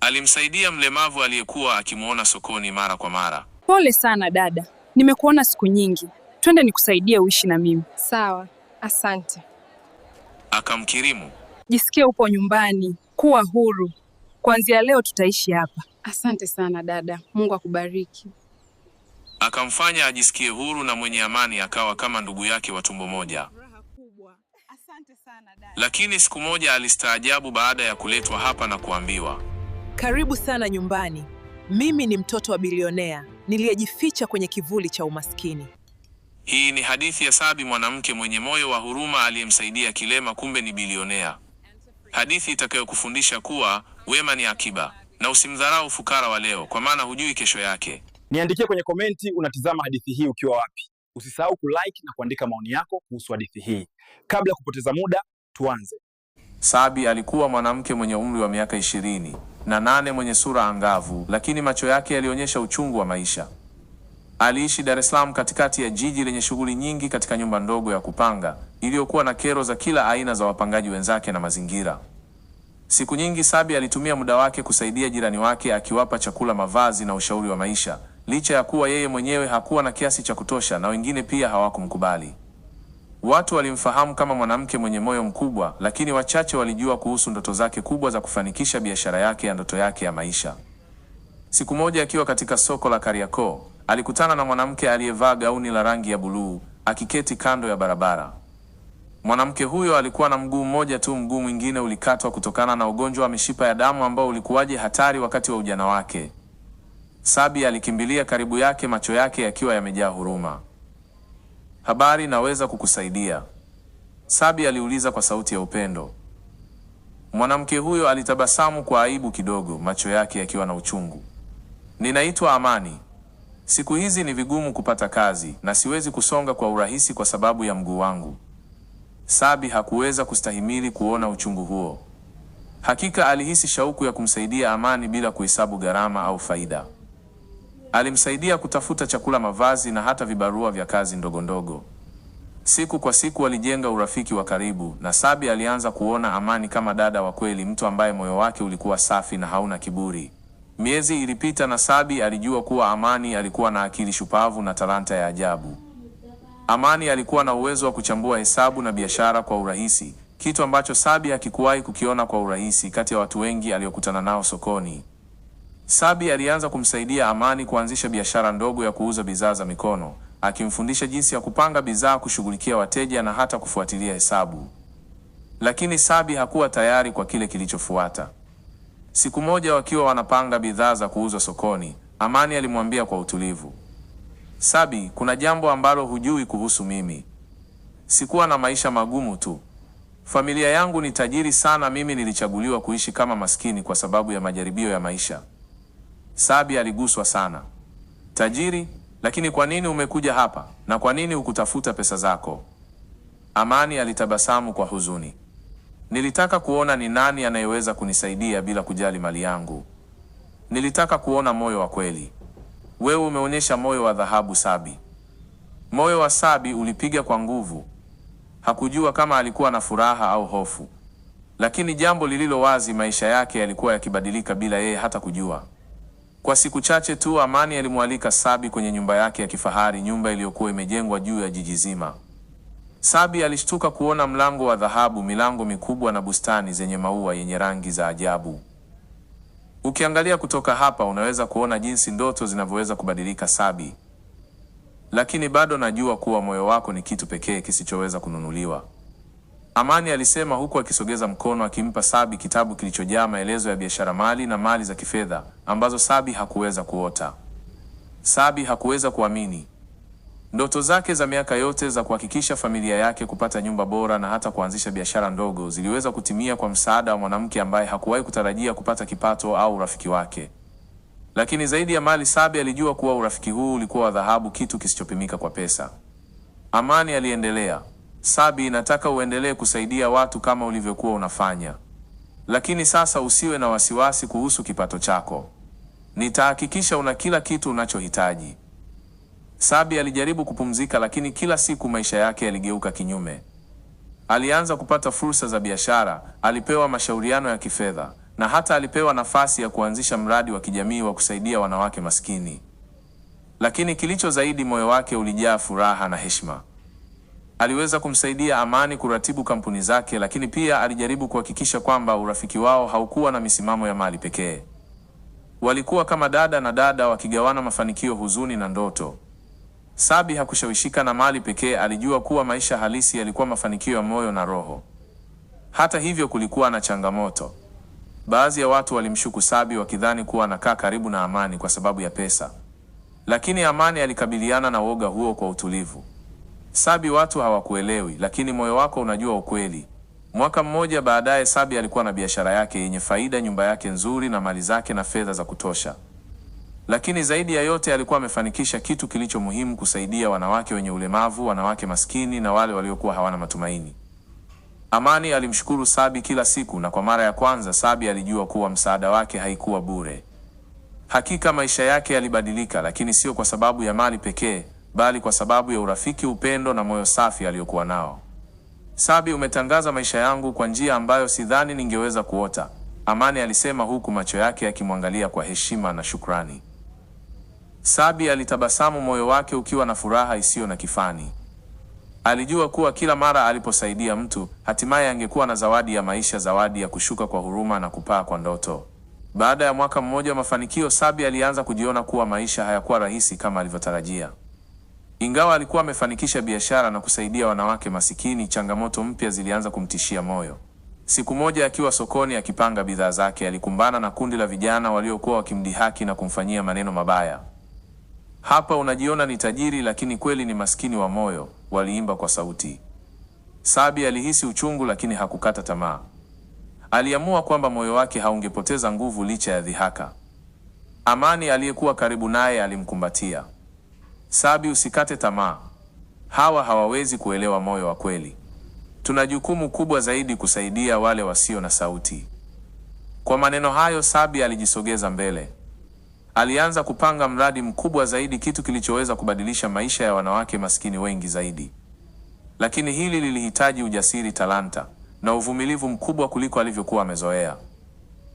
Alimsaidia mlemavu aliyekuwa akimwona sokoni mara kwa mara. Pole sana dada, nimekuona siku nyingi. Twende nikusaidie uishi na mimi. Sawa, asante. Akamkirimu. Jisikie upo nyumbani, kuwa huru. Kuanzia leo tutaishi hapa. Asante sana dada, Mungu akubariki. Akamfanya ajisikie huru na mwenye amani, akawa kama ndugu yake wa tumbo moja. Lakini siku moja alistaajabu baada ya kuletwa hapa na kuambiwa karibu sana nyumbani. Mimi ni mtoto wa bilionea niliyejificha kwenye kivuli cha umaskini. Hii ni hadithi ya Sabi, mwanamke mwenye moyo wa huruma aliyemsaidia kilema, kumbe ni bilionea, hadithi itakayokufundisha kuwa wema ni akiba na usimdharau fukara wa leo, kwa maana hujui kesho yake. Niandikie kwenye komenti, unatizama hadithi hii ukiwa wapi? Usisahau kulike na kuandika maoni yako kuhusu hadithi hii. Kabla ya kupoteza muda, tuanze. Sabi alikuwa mwanamke mwenye umri wa miaka ishirini na nane mwenye sura angavu, lakini macho yake yalionyesha uchungu wa maisha. Aliishi Dar es Salaam, katikati ya jiji lenye shughuli nyingi, katika nyumba ndogo ya kupanga iliyokuwa na kero za kila aina za wapangaji wenzake na mazingira. Siku nyingi Sabi alitumia muda wake kusaidia jirani wake, akiwapa chakula, mavazi na ushauri wa maisha, licha ya kuwa yeye mwenyewe hakuwa na kiasi cha kutosha na wengine pia hawakumkubali. Watu walimfahamu kama mwanamke mwenye moyo mkubwa, lakini wachache walijua kuhusu ndoto zake kubwa za kufanikisha biashara yake ya ndoto yake ya maisha. Siku moja akiwa katika soko la Kariakoo, alikutana na mwanamke aliyevaa gauni la rangi ya buluu akiketi kando ya barabara. Mwanamke huyo alikuwa na mguu mmoja tu, mguu mwingine ulikatwa kutokana na ugonjwa wa mishipa ya damu ambao ulikuwaje hatari wakati wa ujana wake. Sabi alikimbilia karibu yake, macho yake yakiwa yamejaa huruma. Habari, naweza kukusaidia? Sabi aliuliza kwa sauti ya upendo. Mwanamke huyo alitabasamu kwa aibu kidogo, macho yake yakiwa na uchungu. Ninaitwa Amani. Siku hizi ni vigumu kupata kazi na siwezi kusonga kwa urahisi kwa sababu ya mguu wangu. Sabi hakuweza kustahimili kuona uchungu huo. Hakika alihisi shauku ya kumsaidia Amani bila kuhesabu gharama au faida. Alimsaidia kutafuta chakula, mavazi na hata vibarua vya kazi ndogondogo. Siku kwa siku walijenga urafiki wa karibu, na Sabi alianza kuona Amani kama dada wa kweli, mtu ambaye moyo wake ulikuwa safi na hauna kiburi. Miezi ilipita na Sabi alijua kuwa Amani alikuwa na akili shupavu na talanta ya ajabu. Amani alikuwa na uwezo wa kuchambua hesabu na biashara kwa urahisi, kitu ambacho Sabi hakikuwahi kukiona kwa urahisi kati ya watu wengi aliokutana nao sokoni. Sabi alianza kumsaidia Amani kuanzisha biashara ndogo ya kuuza bidhaa za mikono, akimfundisha jinsi ya kupanga bidhaa, kushughulikia wateja na hata kufuatilia hesabu. Lakini Sabi hakuwa tayari kwa kile kilichofuata. Siku moja wakiwa wanapanga bidhaa za kuuza sokoni, Amani alimwambia kwa utulivu, Sabi, kuna jambo ambalo hujui kuhusu mimi. Sikuwa na maisha magumu tu. Familia yangu ni tajiri sana, mimi nilichaguliwa kuishi kama maskini kwa sababu ya majaribio ya maisha. Sabi aliguswa sana. Tajiri, lakini kwa nini umekuja hapa na kwa nini hukutafuta pesa zako? Amani alitabasamu kwa huzuni. Nilitaka kuona ni nani anayeweza kunisaidia bila kujali mali yangu. Nilitaka kuona moyo wa kweli. Wewe umeonyesha moyo wa dhahabu, Sabi. Moyo wa Sabi ulipiga kwa nguvu. Hakujua kama alikuwa na furaha au hofu, lakini jambo lililo wazi, maisha yake yalikuwa yakibadilika bila yeye hata kujua. Kwa siku chache tu, Amani alimwalika Sabi kwenye nyumba yake ya kifahari, nyumba iliyokuwa imejengwa juu ya jiji zima. Sabi alishtuka kuona mlango wa dhahabu, milango mikubwa na bustani zenye maua yenye rangi za ajabu. Ukiangalia kutoka hapa, unaweza kuona jinsi ndoto zinavyoweza kubadilika, Sabi. Lakini bado najua kuwa moyo wako ni kitu pekee kisichoweza kununuliwa. Amani alisema huku akisogeza mkono akimpa Sabi kitabu kilichojaa maelezo ya biashara mali na mali za kifedha ambazo Sabi hakuweza kuota. Sabi hakuweza kuamini. Ndoto zake za miaka yote za kuhakikisha familia yake kupata nyumba bora na hata kuanzisha biashara ndogo ziliweza kutimia kwa msaada wa mwanamke ambaye hakuwahi kutarajia kupata kipato au urafiki wake. Lakini zaidi ya mali, Sabi alijua kuwa urafiki huu ulikuwa wa dhahabu, kitu kisichopimika kwa pesa. Amani aliendelea. Sabi, nataka uendelee kusaidia watu kama ulivyokuwa unafanya, lakini sasa usiwe na wasiwasi kuhusu kipato chako. Nitahakikisha una kila kitu unachohitaji. Sabi alijaribu kupumzika, lakini kila siku maisha yake yaligeuka kinyume. Alianza kupata fursa za biashara, alipewa mashauriano ya kifedha na hata alipewa nafasi ya kuanzisha mradi wa kijamii wa kusaidia wanawake maskini. Lakini kilicho zaidi, moyo wake ulijaa furaha na heshima aliweza kumsaidia Amani kuratibu kampuni zake, lakini pia alijaribu kuhakikisha kwamba urafiki wao haukuwa na misimamo ya mali pekee. Walikuwa kama dada na dada, wakigawana mafanikio, huzuni na ndoto. Sabi hakushawishika na mali pekee, alijua kuwa maisha halisi yalikuwa mafanikio ya moyo na roho. Hata hivyo, kulikuwa na changamoto. Baadhi ya watu walimshuku Sabi wakidhani kuwa anakaa karibu na Amani kwa sababu ya pesa, lakini Amani alikabiliana na woga huo kwa utulivu. Sabi watu hawakuelewi, lakini moyo wako unajua ukweli. Mwaka mmoja baadaye, Sabi alikuwa na biashara yake yenye faida, nyumba yake nzuri na mali zake na fedha za kutosha. Lakini zaidi ya yote alikuwa amefanikisha kitu kilicho muhimu: kusaidia wanawake wenye ulemavu, wanawake maskini na wale waliokuwa hawana matumaini. Amani alimshukuru Sabi kila siku, na kwa mara ya kwanza Sabi alijua kuwa msaada wake haikuwa bure. Hakika maisha yake yalibadilika, lakini sio kwa sababu ya mali pekee, bali kwa sababu ya urafiki, upendo na moyo safi aliyokuwa nao. Sabi, umetangaza maisha yangu kwa njia ambayo sidhani ningeweza kuota, Amani alisema huku macho yake yakimwangalia kwa heshima na shukrani. Sabi alitabasamu, moyo wake ukiwa na furaha isiyo na kifani. Alijua kuwa kila mara aliposaidia mtu, hatimaye angekuwa na zawadi ya maisha, zawadi ya kushuka kwa huruma na kupaa kwa ndoto. Baada ya mwaka mmoja wa mafanikio, Sabi alianza kujiona kuwa maisha hayakuwa rahisi kama alivyotarajia. Ingawa alikuwa amefanikisha biashara na kusaidia wanawake masikini, changamoto mpya zilianza kumtishia moyo. Siku moja akiwa sokoni akipanga bidhaa zake, alikumbana na kundi la vijana waliokuwa wakimdhihaki na kumfanyia maneno mabaya. Hapa unajiona ni tajiri lakini kweli ni maskini wa moyo, waliimba kwa sauti. Sabi alihisi uchungu lakini hakukata tamaa. Aliamua kwamba moyo wake haungepoteza nguvu licha ya dhihaka. Amani aliyekuwa karibu naye alimkumbatia. Sabi, usikate tamaa. Hawa hawawezi kuelewa moyo wa kweli. Tuna jukumu kubwa zaidi kusaidia wale wasio na sauti. Kwa maneno hayo, Sabi alijisogeza mbele. Alianza kupanga mradi mkubwa zaidi, kitu kilichoweza kubadilisha maisha ya wanawake maskini wengi zaidi. Lakini hili lilihitaji ujasiri, talanta na uvumilivu mkubwa kuliko alivyokuwa amezoea.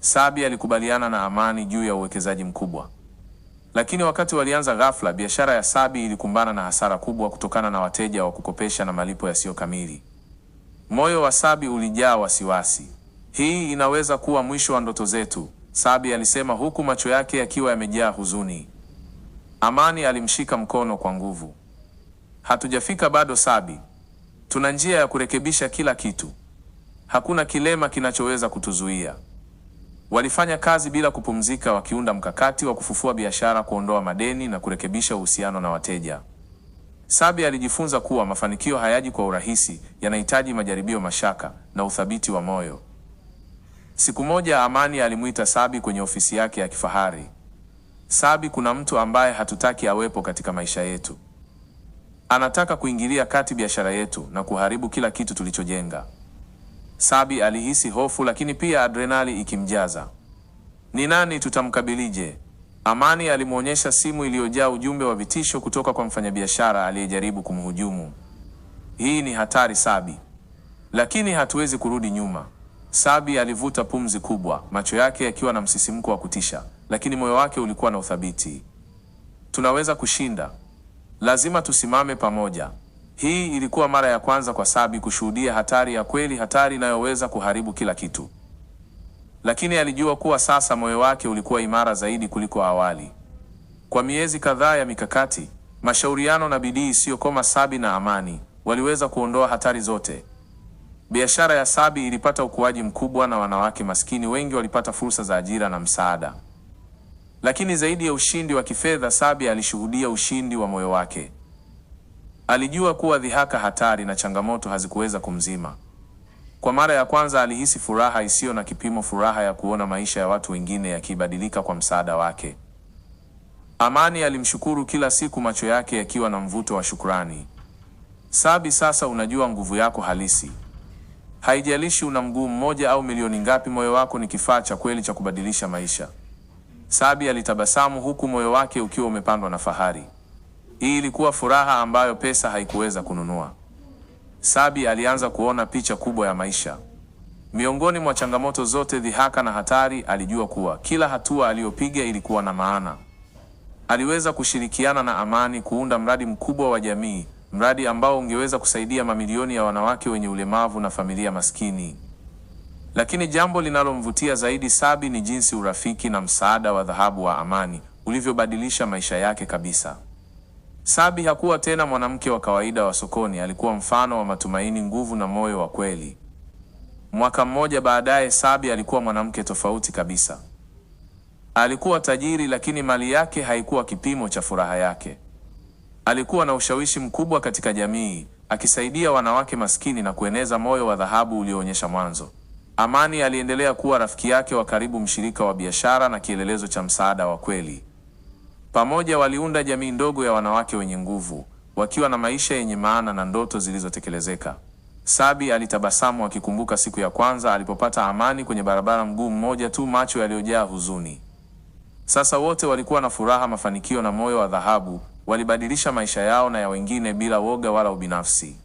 Sabi alikubaliana na Amani juu ya uwekezaji mkubwa. Lakini wakati walianza ghafla, biashara ya Sabi ilikumbana na hasara kubwa kutokana na wateja wa kukopesha na malipo yasiyo kamili. Moyo wa Sabi ulijaa wasiwasi. Hii inaweza kuwa mwisho wa ndoto zetu, Sabi alisema huku macho yake yakiwa yamejaa huzuni. Amani alimshika mkono kwa nguvu. Hatujafika bado Sabi, tuna njia ya kurekebisha kila kitu. Hakuna kilema kinachoweza kutuzuia. Walifanya kazi bila kupumzika, wakiunda mkakati wa kufufua biashara, kuondoa madeni na kurekebisha uhusiano na wateja. Sabi alijifunza kuwa mafanikio hayaji kwa urahisi, yanahitaji majaribio, mashaka na uthabiti wa moyo. Siku moja, Amani alimwita Sabi kwenye ofisi yake ya kifahari. Sabi, kuna mtu ambaye hatutaki awepo katika maisha yetu. Anataka kuingilia kati biashara yetu na kuharibu kila kitu tulichojenga. Sabi alihisi hofu lakini pia adrenali ikimjaza. Ni nani tutamkabilije? Amani alimwonyesha simu iliyojaa ujumbe wa vitisho kutoka kwa mfanyabiashara aliyejaribu kumhujumu. Hii ni hatari Sabi, lakini hatuwezi kurudi nyuma. Sabi alivuta pumzi kubwa, macho yake yakiwa na msisimko wa kutisha, lakini moyo wake ulikuwa na uthabiti. Tunaweza kushinda, lazima tusimame pamoja. Hii ilikuwa mara ya kwanza kwa Sabi kushuhudia hatari ya kweli, hatari inayoweza kuharibu kila kitu. Lakini alijua kuwa sasa moyo wake ulikuwa imara zaidi kuliko awali. Kwa miezi kadhaa ya mikakati, mashauriano na bidii isiyokoma, Sabi na Amani waliweza kuondoa hatari zote. Biashara ya Sabi ilipata ukuaji mkubwa na wanawake maskini wengi walipata fursa za ajira na msaada. Lakini zaidi ya ushindi wa kifedha, Sabi alishuhudia ushindi wa moyo wake. Alijua kuwa dhihaka hatari na changamoto hazikuweza kumzima. Kwa mara ya kwanza alihisi furaha isiyo na kipimo, furaha ya kuona maisha ya watu wengine yakibadilika kwa msaada wake. Amani alimshukuru kila siku, macho yake yakiwa na mvuto wa shukrani. Sabi, sasa unajua nguvu yako halisi. Haijalishi una mguu mmoja au milioni ngapi, moyo wako ni kifaa cha kweli cha kubadilisha maisha. Sabi alitabasamu huku moyo wake ukiwa umepandwa na fahari. Hii ilikuwa furaha ambayo pesa haikuweza kununua. Sabi alianza kuona picha kubwa ya maisha. Miongoni mwa changamoto zote, dhihaka na hatari, alijua kuwa kila hatua aliyopiga ilikuwa na maana. Aliweza kushirikiana na Amani kuunda mradi mkubwa wa jamii, mradi ambao ungeweza kusaidia mamilioni ya wanawake wenye ulemavu na familia maskini. Lakini jambo linalomvutia zaidi Sabi ni jinsi urafiki na msaada wa dhahabu wa Amani ulivyobadilisha maisha yake kabisa. Sabi hakuwa tena mwanamke wa kawaida wa sokoni, alikuwa mfano wa matumaini, nguvu na moyo wa kweli. Mwaka mmoja baadaye, Sabi alikuwa mwanamke tofauti kabisa. Alikuwa tajiri, lakini mali yake haikuwa kipimo cha furaha yake. Alikuwa na ushawishi mkubwa katika jamii, akisaidia wanawake maskini na kueneza moyo wa dhahabu ulioonyesha mwanzo. Amani aliendelea kuwa rafiki yake wa karibu, mshirika wa biashara na kielelezo cha msaada wa kweli. Pamoja waliunda jamii ndogo ya wanawake wenye nguvu, wakiwa na maisha yenye maana na ndoto zilizotekelezeka. Sabi alitabasamu akikumbuka siku ya kwanza alipopata amani kwenye barabara, mguu mmoja tu, macho yaliyojaa huzuni. Sasa wote walikuwa na furaha, mafanikio na moyo wa dhahabu. Walibadilisha maisha yao na ya wengine bila woga wala ubinafsi.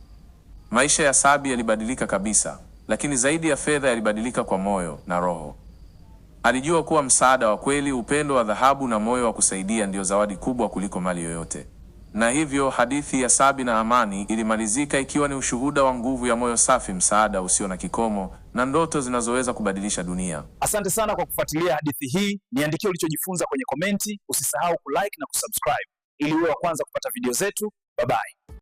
Maisha ya Sabi yalibadilika kabisa, lakini zaidi ya fedha yalibadilika kwa moyo na roho. Alijua kuwa msaada wa kweli, upendo wa dhahabu na moyo wa kusaidia ndiyo zawadi kubwa kuliko mali yoyote. Na hivyo hadithi ya Sabi na Amani ilimalizika ikiwa ni ushuhuda wa nguvu ya moyo safi, msaada usio na kikomo, na ndoto zinazoweza kubadilisha dunia. Asante sana kwa kufuatilia hadithi hii. Niandikie ulichojifunza kwenye komenti, usisahau kulike na kusubscribe ili uwe wa kwanza kupata video zetu. Bye bye.